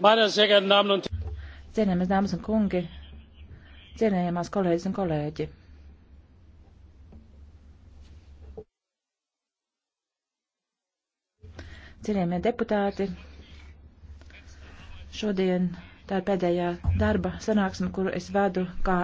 Cienējamas dāmas un kungi, cienējamās kolēģis un kolēģi. Cienījamie deputāti, šodien tā ir pēdējā darba sanāksme, kuru es vedu kā